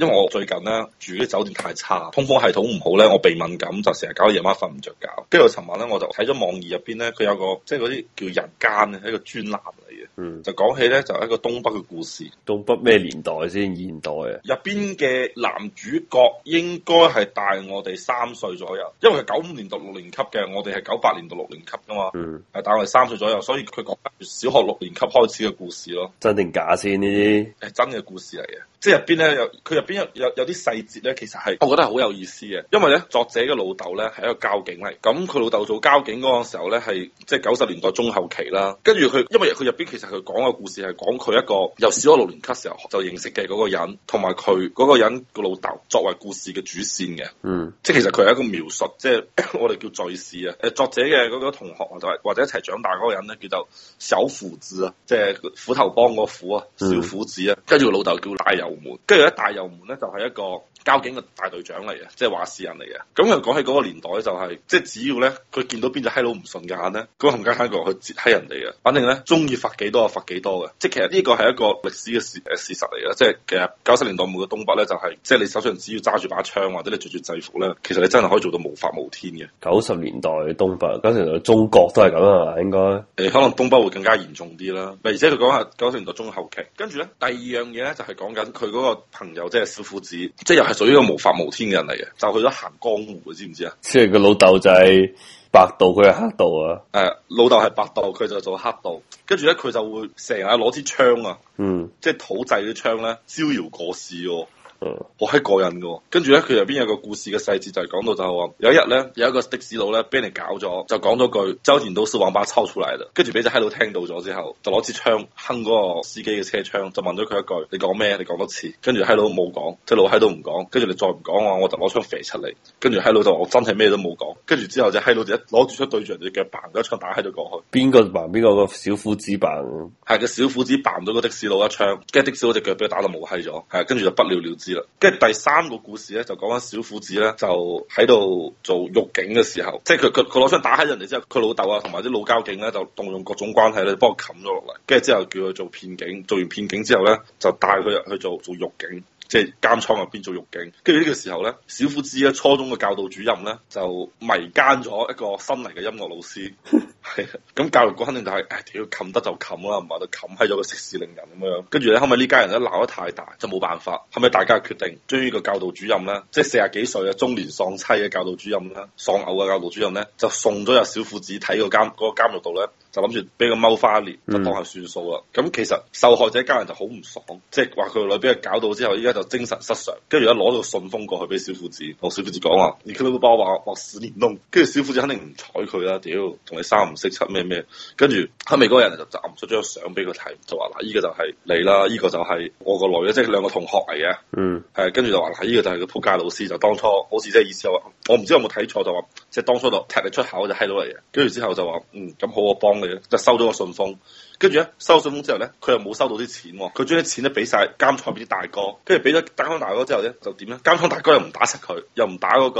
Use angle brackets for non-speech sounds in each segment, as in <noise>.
因為我最近咧住啲酒店太差，通風系統唔好咧，我鼻敏感就成日搞到夜晚瞓唔着覺。跟住我尋晚咧，我就睇咗網易入邊咧，佢有個即係嗰啲叫人間咧，一個專欄嚟嘅，嗯，就講起咧就係一個東北嘅故事。東北咩年代先？現代啊！入邊嘅男主角應該係大我哋三歲左右，因為佢九五年讀六年級嘅，我哋係九八年讀六年級噶嘛，嗯，係大我哋三歲左右，所以佢講小學六年級開始嘅故事咯。真定假先？呢啲係真嘅故事嚟嘅，即係入邊咧有佢入。邊有有啲細節咧？其實係，我覺得係好有意思嘅。因為咧，作者嘅老豆咧係一個交警嚟，咁佢老豆做交警嗰個時候咧，係即係九十年代中後期啦。跟住佢，因為佢入邊其實佢講嘅故事係講佢一個由小學六年級時候就認識嘅嗰個人，同埋佢嗰個人個老豆作為故事嘅主線嘅。嗯，即係其實佢係一個描述，即係 <laughs> 我哋叫敘事啊。誒，作者嘅嗰個同學就係或者一齊長大嗰個人咧，叫做小斧子啊，即係斧頭幫個斧啊，小斧子啊。跟住個老豆叫大油門，跟住一大油門。咧就係一個交警嘅大隊長嚟嘅，即係話事人嚟嘅。咁又講起嗰個年代咧、就是，就係即係只要咧，佢見到邊隻閪佬唔順眼咧，佢同街頭去截閪人哋嘅。反正咧，中意罰幾多就罰幾多嘅。即係其實呢個係一個歷史嘅事誒事實嚟嘅。即係其實九十年代末嘅東北咧，就係、是、即係你手上只要揸住把槍或者你著住制服咧，其實你真係可以做到無法無天嘅。九十年代東北，九十年代中國都係咁啊，應該誒，可能東北會更加嚴重啲啦。而且佢講下九十年代中後期，跟住咧第二樣嘢咧就係講緊佢嗰個朋友即小虎子，即係又係屬於一個無法無天嘅人嚟嘅，就去咗行江湖，你知唔知啊？即係個老豆就係白道，佢係黑道啊！誒、啊，老豆係白道，佢就做黑道，跟住咧佢就會成日攞支槍啊，嗯，即係土製啲槍咧，招搖過市哦、啊。好閪過癮嘅，跟住咧佢入邊有個故事嘅細節就係講到就係話有一日咧有一個的士佬咧俾人搞咗，就講咗句，周田到小網吧抽出嚟啦，跟住俾隻嗨佬聽到咗之後，就攞支槍哼嗰個司機嘅車窗，就問咗佢一句：你講咩？你講多次？跟住嗨佬冇講，即係老嗨都唔講，跟住你再唔講我我就攞槍飛出嚟。跟住嗨佬就話我真係咩都冇講。跟住之後隻嗨佬就一攞住支槍對住人哋隻腳嘭咗一槍打嗨佬過去。邊個嘭？邊個個小虎子嘭？係個小虎子嘭咗個的士佬一槍，跟住的士佬隻腳俾佢打到冇嗨咗，係跟住就不了了之。跟住第三個故事咧，就講緊小虎子咧，就喺度做獄警嘅時候，即係佢佢佢攞槍打喺人哋之後，佢老豆啊同埋啲老交警咧，就動用各種關係咧，幫佢冚咗落嚟，跟住之後叫佢做片警，做完片警之後咧，就帶佢去做做獄警，即係監倉入邊做獄警，跟住呢個時候咧，小虎子咧初中嘅教導主任咧，就迷奸咗一個新嚟嘅音樂老師。 <laughs> 咁 <music> 教育局肯定就係、是，屌冚得就冚啦，唔係就冚喺咗個息事寧人咁樣。跟住咧，後尾呢家人咧鬧得太大，就冇辦法。後尾大家決定將呢個教導主任咧，即係四十幾歲嘅中年喪妻嘅教導主任啦，喪偶嘅教導主任咧，就送咗入小父子睇個監嗰、那個監獄度咧，就諗住俾佢踎翻一年，就當係算數啦。咁、mm. 其實受害者家人就好唔爽，即係話佢個女俾佢搞到之後，依家就精神失常。跟住一攞到信封過去俾小父子，同小父子講話：，你佢會把我話我死連窿。跟住小父子肯定唔睬佢啦。屌，同你三。唔～識出咩咩。跟住後尾嗰個人就攢出張相俾佢睇，就話嗱，依、這個就係你啦，依、這個就係我個女，即係兩個同學嚟嘅。嗯，係跟住就話嗱，依、這個就係個仆街老師，就當初好似即係意思就我、是，我唔知有冇睇錯，就話即係當初就踢你出口就閪佬嚟嘅。跟住之後就話，嗯，咁好，我幫你，即就收咗個信封。跟住咧，收信封之後咧，佢又冇收到啲錢，佢將啲錢咧俾晒監倉嗰啲大哥，跟住俾咗監倉大哥之後咧，就點咧？監倉大哥又唔打實佢，又唔打嗰、那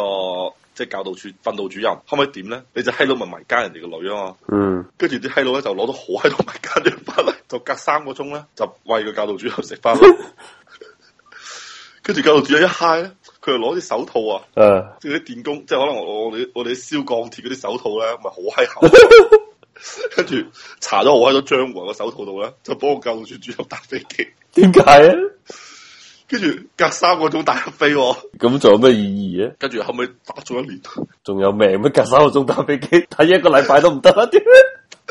個。即係教導處訓導主任，可唔可以點咧？你隻閪佬問迷奸人哋個女啊嘛，跟住啲閪佬咧就攞咗好嗨佬迷奸咗翻嚟，就隔三個鐘咧就喂個教導主任食翻，跟住 <laughs> 教導主任一嗨咧，佢就攞啲手套啊， <laughs> 即係啲電工，即係可能我我哋我哋燒鋼鐵嗰啲手套咧，咪好嗨口，跟住查咗我喺多江湖人手套度咧，就幫個教導主任打飛機點解？ <laughs> 跟住隔三個鐘打一飛，咁仲有咩意義咧？跟住後尾打咗一年，仲有命咩？隔三個鐘打、哦、打、打飛機，睇一個禮拜都唔得。 <laughs> <laughs> 呢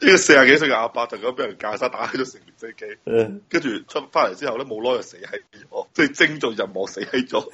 個四十幾歲嘅阿伯就咁俾人架生打起咗成隻機，跟住出翻嚟之後咧冇耐就死喺咗，即係精盡人亡死喺咗。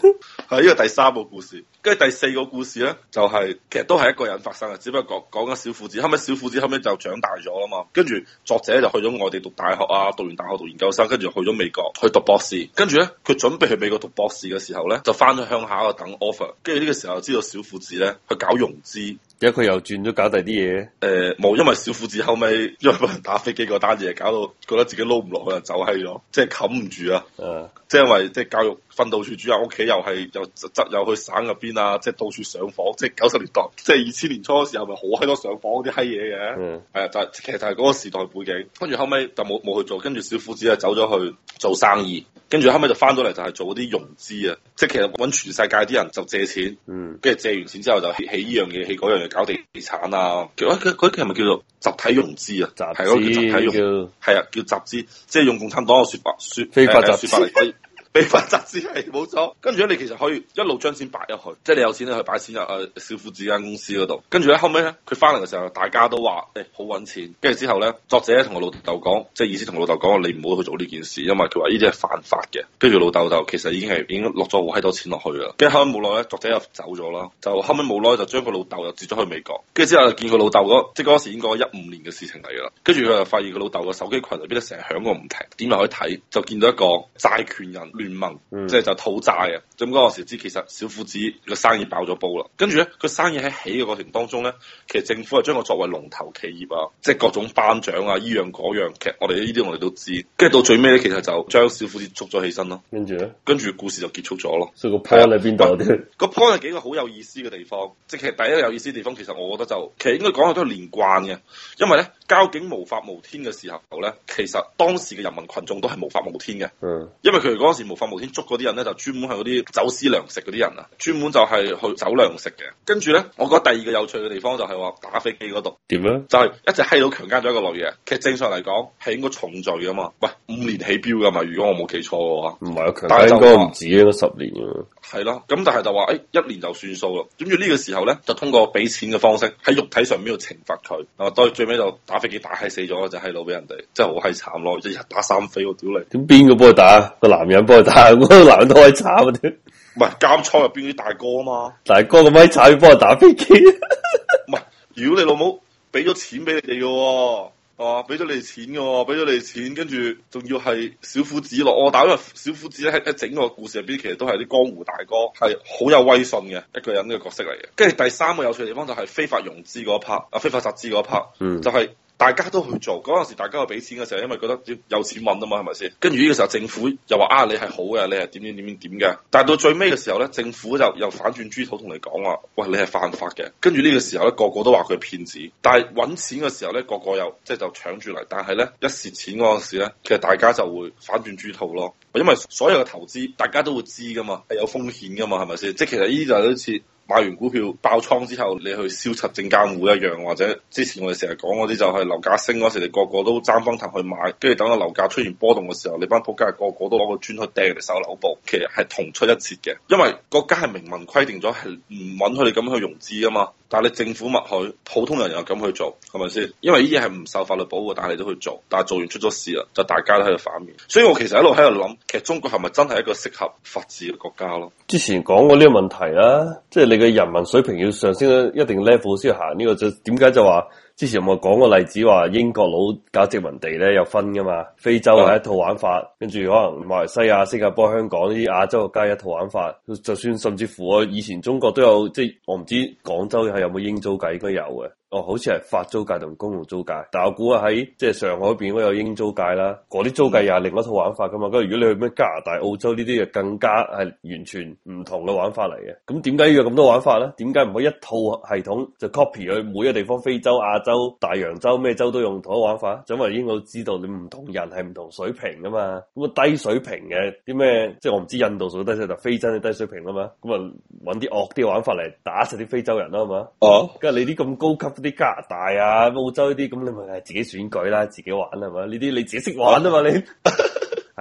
係呢個第三個故事，跟住第四個故事咧就係、是、其實都係一個人發生嘅，只不過講講緊小父子。後尾小父子後尾就長大咗啦嘛，跟住作者就去咗外地讀大學啊，讀完大學讀研究生，跟住去咗美國去讀博士。跟住咧佢準備去美國讀博士嘅時候咧，就翻去鄉下度等 offer。跟住呢個時候知道小父子咧去搞融資。而家佢又轉咗搞第啲嘢，誒冇、欸，因為小虎子後尾因為人打飛機個單嘢搞到覺得自己撈唔落去，走閪咗，即係冚唔住啊、嗯，即係因為即係教育訓導處主任屋企又係又執又去省入邊啊，即係到處上訪，即係九十年代，即係二千年初嗰時候，咪好閪多上訪啲閪嘢嘅，係啊、嗯，但係其實就係嗰個時代背景，跟住後尾就冇冇去做，跟住小虎子啊走咗去做生意，跟住後尾就翻到嚟就係做嗰啲融資啊，即係其實搵全世界啲人就借錢，跟住、嗯、借完錢之後就起呢樣嘢起嗰樣嘢。搞地地產啊，佢佢佢其實係咪叫做集體融資啊？集資是叫集體融資，係啊叫，叫集資，即係用共產黨嘅說法，說非法集資。哎 <laughs> 非法集資係冇錯，跟住咧你其實可以一路將錢擺入去，即係你有錢咧去擺錢入誒小富子間公司嗰度。跟住咧後尾咧，佢翻嚟嘅時候，大家都話誒、哎、好揾錢。跟住之後咧，作者同個老豆講，即係意思同老豆講你唔好去做呢件事，因為佢話呢啲係犯法嘅。跟住老豆就其實已經係已經落咗好閪多錢落去啦。跟住後尾冇耐咧，作者又走咗啦，就後尾冇耐就將個老豆又接咗去美國。跟住之後就見老個老豆嗰即係嗰時已經過一五年嘅事情嚟噶啦。跟住佢就發現佢老豆個手機群入邊咧成日響個唔停，點落去睇就見到一個債權人。聯盟、嗯、即係就討債啊！咁嗰個時知，其實小虎子個生意爆咗煲啦。跟住咧，個生意喺起嘅過程當中咧，其實政府係將佢作為龍頭企業啊，即係各種頒獎啊，依樣嗰樣劇，我哋呢啲我哋都知。跟住到最尾咧，其實就將小虎子捉咗起身咯。跟住咧，跟住故事就結束咗咯。所以個 point 喺邊度啲？個 point 係幾個好有意思嘅地方，即係 <laughs> 其實第一個有意思嘅地方，其實我覺得就其實應該講嘅都係連貫嘅，因為咧交警無法無天嘅時候咧，其實當時嘅人民群眾都係無法無天嘅。無無天嗯。因為佢哋嗰時。無法無天捉嗰啲人咧，就專門係嗰啲走私糧食嗰啲人啊，專門就係去走糧食嘅。跟住咧，我覺得第二個有趣嘅地方就係話打飛機嗰度點咧，啊、就係一隻閪佬強姦咗一個女嘅。其實正常嚟講係應該重罪噶嘛，喂五年起標噶嘛。如果我冇記錯嘅話，唔係啊，但係應該唔止都、啊、十年嘅。係咯，咁但係就話誒、欸、一年就算數咯。跟住呢個時候咧，就通過俾錢嘅方式喺肉體上面去懲罰佢。啊，到最尾就打飛機打閪死咗啊！隻閪佬俾人哋真係好閪慘咯，一日打三飛喎屌你！咁邊個幫佢打啊？個男人幫。但係嗰個男人都係慘啲，唔係監倉入邊啲大哥啊嘛？大哥個咪仔要幫我打飛機，唔係，如果你老母俾咗錢俾你哋嘅，哦、啊，俾咗你哋錢嘅，俾咗你哋錢，跟住仲要係小虎子咯，我打入小虎子喺喺整個故事入邊，其實都係啲江湖大哥，係好有威信嘅一個人嘅角色嚟嘅。跟住第三個有趣嘅地方就係非法融資嗰 part，啊非法集資嗰 part，就係、是。大家都去做嗰陣時，大家又俾錢嘅時候，因為覺得有錢揾啊嘛，係咪先？跟住呢個時候，政府又話啊，你係好嘅，你係點點點點點嘅。但係到最尾嘅時候咧，政府就又反轉豬頭同你講話，喂，你係犯法嘅。跟住呢個時候咧，個個都話佢係騙子。但係揾錢嘅時候咧，個個又即係就搶住嚟。但係咧，一蝕錢嗰陣時咧，其實大家就會反轉豬頭咯。因為所有嘅投資，大家都會知噶嘛，係有風險噶嘛，係咪先？即係其實呢啲就係好似。買完股票爆倉之後，你去燒拆證監會一樣，或者之前我哋成日講嗰啲就係樓價升嗰時，你個個都爭崩頭去買，跟住等到樓價出現波動嘅時候，你班仆街個個都攞個磚去掟人哋售樓部，其實係同出一轍嘅。因為國家係明文規定咗係唔允許你咁去融資啊嘛，但係你政府默許，普通人又咁去做，係咪先？因為呢啲係唔受法律保護，但係你都去做，但係做完出咗事啦，就大家都喺度反面。所以我其實一路喺度諗，其實中國係咪真係一個適合法治嘅國家咯？之前講過呢個問題啦、啊，即係你。嘅人民水平要上升一定 level 先行呢，呢個就點解，就話之前我講個例子話英國佬搞殖民地咧有分噶嘛，非洲係一套玩法，跟住、嗯、可能馬來西亞、新加坡、香港呢啲亞洲加一套玩法，就算甚至乎我以前中國都有，即係我唔知廣州係有冇英租界，應該有嘅。哦，好似係法租界同公共租界，但我估啊喺即係上海邊嗰有英租界啦，嗰啲租界又係另一套玩法噶嘛。咁如果你去咩加拿大、澳洲呢啲啊，就更加係完全唔同嘅玩法嚟嘅。咁點解要有咁多玩法咧？點解唔可以一套系統就 copy 去每一個地方？非洲、亞洲、大洋洲咩洲都用同一玩法？就因為英國知道你唔同人係唔同水平噶嘛。咁啊低水平嘅啲咩，即係我唔知印度屬唔屬得就非洲嘅低水平啦嘛。咁啊揾啲惡啲玩法嚟打實啲非洲人啦，係嘛？哦、啊，跟住你啲咁高級。啲加拿大啊、澳洲呢啲咁，你咪係自己選舉啦，自己玩係嘛？呢啲你，你自己識玩啊嘛你。 <laughs>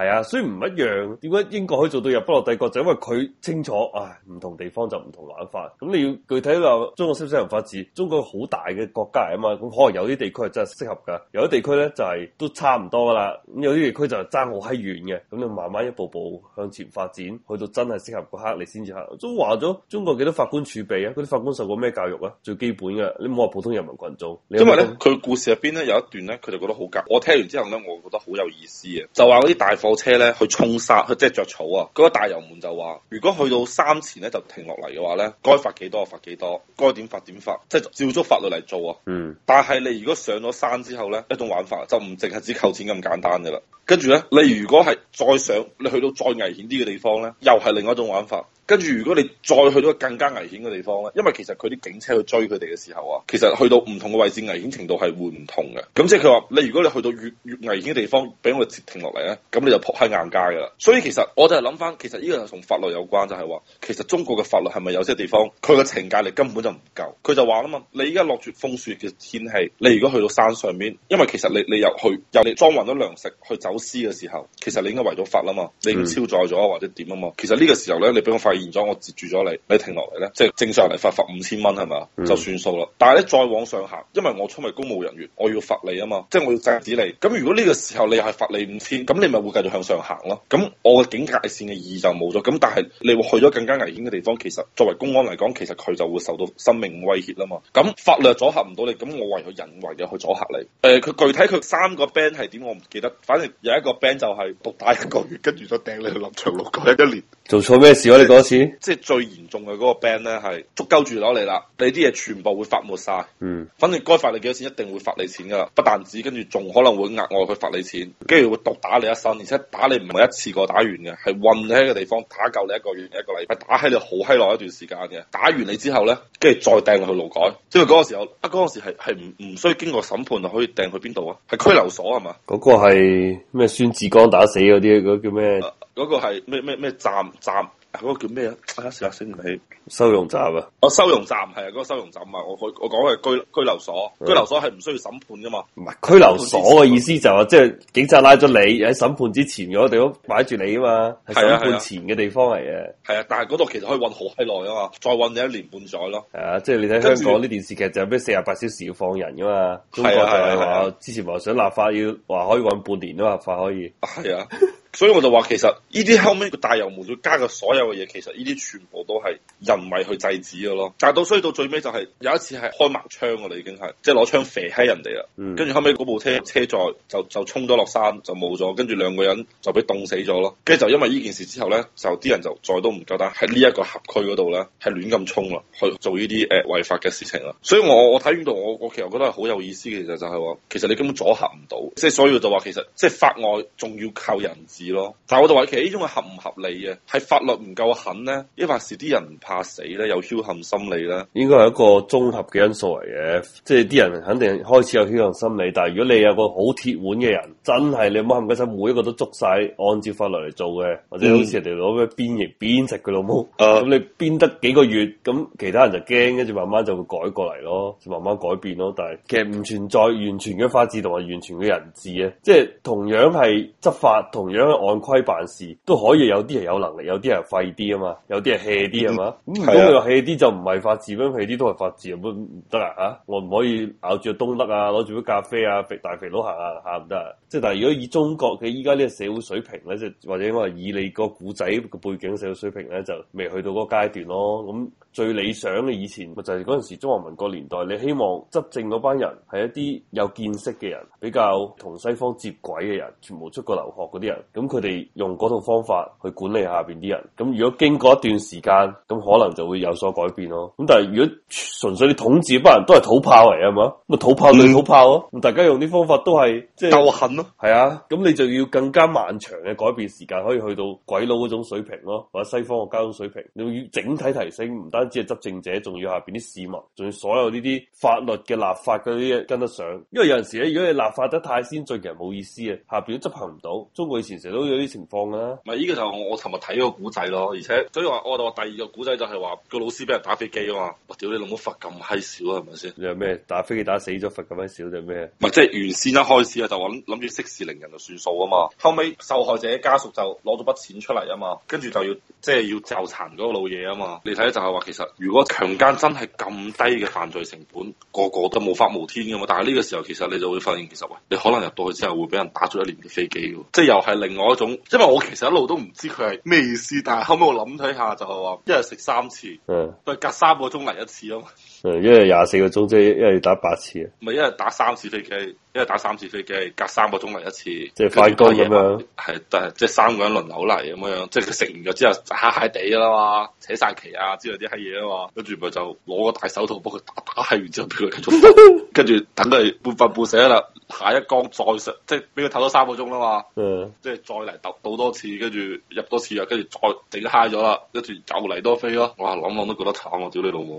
係啊，雖然唔一樣。點解英國可以做到日不落帝國？就因為佢清楚，唉，唔同地方就唔同玩法。咁你要具體話中國適唔適合發展？中國好大嘅國家嚟啊嘛，咁可能有啲地區係真係適合噶，有啲地區咧就係都差唔多噶啦。咁有啲地區就爭好閪遠嘅，咁你慢慢一步步向前發展，去到真係適合嗰刻，你先至行。都話咗中國幾多法官儲備啊？嗰啲法官受過咩教育啊？最基本噶，你唔好話普通人民群眾。因為咧，佢故事入邊咧有一段咧，佢就覺得好夾。我聽完之後咧，我覺得好有意思啊！就話嗰啲大部車咧去衝殺，去即係着草啊！嗰個大油門就話，如果去到山前咧就停落嚟嘅話咧，該罰幾多罰幾多，該點罰點罰，即係照足法律嚟做啊！嗯，但係你如果上咗山之後咧，一種玩法就唔淨係只扣錢咁簡單噶啦。跟住咧，你如果係再上，你去到再危險啲嘅地方咧，又係另外一種玩法。跟住如果你再去到更加危險嘅地方咧，因為其實佢啲警車去追佢哋嘅時候啊，其實去到唔同嘅位置危險程度係會唔同嘅。咁即係佢話，你如果你去到越越危險嘅地方，俾我哋截停落嚟咧，咁你就撲喺硬街噶啦。所以其實我就係諗翻，其實呢個係同法律有關，就係、是、話其實中國嘅法律係咪有些地方佢嘅懲戒力根本就唔夠？佢就話啦嘛，你而家落住風雪嘅天氣，你如果去到山上面，因為其實你你又去又你裝運咗糧食去走私嘅時候，其實你應該違咗法啦嘛，你超載咗或者點啊嘛，其實呢個時候咧，你俾我發現。變咗我截住咗你，你停落嚟咧，即係正常嚟罰罰五千蚊係咪？就算數啦。但係咧再往上行，因為我出為公務人員，我要罰你啊嘛，即係我要制止你。咁如果呢個時候你係罰你五千，咁你咪會繼續向上行咯，啊。咁我嘅警戒線嘅意義就冇咗。咁但係你會去咗更加危險嘅地方，其實作為公安嚟講，其實佢就會受到生命威脅啦嘛。咁法律阻嚇唔到你，咁我唯有人為嘅去阻嚇你。誒、呃，佢具體佢三個 band 係點我唔記得，反正有一個 band 就係毒打一個月，跟住再掟你去林場路嗰一一年。做錯咩事啊？你嗰時？即係最嚴重嘅嗰個 band 咧，係捉鳩住攞你啦，你啲嘢全部會罰沒晒。嗯，反正該罰你幾多錢，一定會罰你錢噶啦。不但止，跟住仲可能會額外去罰你錢，跟住會毒打你一身，而且打你唔係一次過打完嘅，係困你喺個地方打夠你一個月一個禮拜，打喺你好閪耐一段時間嘅。打完你之後咧，跟住再掟去勞改。即係嗰個時候，啊，嗰個時係係唔唔需要經過審判就可以掟去邊度啊？係拘留所係嘛？嗰個係咩？孫志剛打死嗰啲嗰叫咩？嗰、啊嗰個係咩咩咩站站？站嗰個叫咩啊？啊，成日醒唔起收容站啊！哦，收容站係啊，嗰個收容站啊，我我講係居居留所，居留所係唔需要審判噶嘛？唔係居留所嘅意思就係即係警察拉咗你喺審判之前嗰度，擺住你啊嘛，係審判前嘅地方嚟嘅。係啊，但係嗰度其實可以韫好係耐啊嘛，再韫你一年半載咯。係啊，即係你睇香港啲電視劇就有咩四十八小時要放人噶嘛？中國就係話之前話想立法要話可以韫半年啊立法可以。係啊。所以我就話其實呢啲後尾個大油門要加嘅所有嘅嘢，其實呢啲全部都係人為去制止嘅咯。但係到所以到最尾，就係有一次係開埋窗噶啦，已經係即係攞槍射喺人哋啦，嗯。跟住後尾嗰部車車載就就衝咗落山就冇咗，跟住兩個人就俾凍死咗咯。跟住就因為呢件事之後咧，就啲人就再都唔夠膽喺呢一個轄區嗰度咧，係亂咁衝啦，去做呢啲誒違法嘅事情啦。所以我我睇完到我我其實我覺得係好有意思嘅，其實就就係話其實你根本阻嚇唔到，即係所以我就話其實即係，就是，法外仲要靠人。咯，但係我就話其實呢種係合唔合理嘅，係法律唔夠狠咧，抑或係啲人唔怕死咧，有僥倖心理咧，應該係一個綜合嘅因素嚟嘅。即係啲人肯定開始有僥倖心理，但係如果你有個好鐵腕嘅人，真係你冇咁鬼心，每一個都捉晒，按照法律嚟做嘅，或者鞭鞭鞭鞭好似人哋攞咩邊翼邊食嘅老母，咁、嗯、你邊得幾個月，咁其他人就驚，跟住慢慢就會改過嚟咯，就慢慢改變咯，但係其實唔存在完全嘅法治同埋完全嘅人治啊，即係同樣係執法，同樣。按規辦事都可以，有啲人有能力，有啲人廢啲啊嘛，有啲人 hea 啲啊嘛，咁如果佢 hea 啲就唔係法，法治，咁 hea 啲都係法治，唔得啦吓，我唔可以咬住東德啊，攞住杯咖啡啊，肥大肥佬行啊，行唔得啊，即係但係如果以中國嘅依家呢個社會水平咧，即係或者我以你個古仔個背景社會水平咧，就未去到嗰個階段咯。咁、嗯、最理想嘅以前咪就係嗰陣時中華民國年代，你希望執政嗰班人係一啲有見識嘅人，比較同西方接軌嘅人，全部出過留學嗰啲人。咁佢哋用嗰套方法去管理下邊啲人，咁如果經過一段時間，咁可能就會有所改變咯。咁但係如果純粹你統治班人都係土炮嚟，係嘛？咁啊土炮對土炮咯、啊、咁、嗯、大家用啲方法都係即係鬥狠咯。係、就是、啊、咁、啊、你就要更加漫長嘅改變時間，可以去到鬼佬嗰種水平咯，或者西方嘅交通水平。你要整體提升，唔單止係執政者，仲要下邊啲市民，仲要所有呢啲法律嘅立法嗰啲嘢跟得上。因為有陣時咧，如果你立法得太先進，其實冇意思啊，下邊執行唔到。中國以前有啲情況啦，唔係呢個就我我尋日睇個古仔咯，而且所以話我就話第二個古仔就係話，嗰個老師俾人打飛機啊嘛，我屌你老母罰咁閪少啊，係咪先？你又咩？打飛機打死咗罰咁閪少定咩？唔係即係原先一開始啊，就諗諗住息事寧人就算數啊嘛。後尾受害者家屬就攞咗筆錢出嚟啊嘛，跟住就要即係要就殘嗰個老嘢啊嘛。你睇就係話其實如果強姦真係咁低嘅犯罪成本，個個都無法無天噶嘛。但係呢個時候其實你就會發現，其實喂，你可能入到去之後會俾人打咗一年嘅飛機，即係又係另。種，因為我其實一路都唔知佢係咩意思，但係後尾我諗睇下就係、是、話一日食三次，嗯，但係隔三個鐘嚟一次啊嘛，嗯，一日廿四個鐘即係一日要打八次啊，唔係一日打三次飛機，一日打三次飛機，隔三個鐘嚟一次，即係翻工咁樣，係，但係即係三個人輪流嚟咁樣，即係佢食完咗之後，嗨嗨地啦嘛，扯晒旗啊之類啲閪嘢啊嘛，跟住咪就攞個大手套幫佢打，打完之後，俾佢繼續，跟住 <laughs> 等佢半瞓半死啦。下一缸再食，即係俾佢唞咗三個鐘啦嘛，的即係再嚟揼倒，倒多次，跟住入多次啊，跟住再整嗨咗啦，跟住又嚟多飛咯。哇！諗諗都覺得慘喎，屌你老母！ <noise>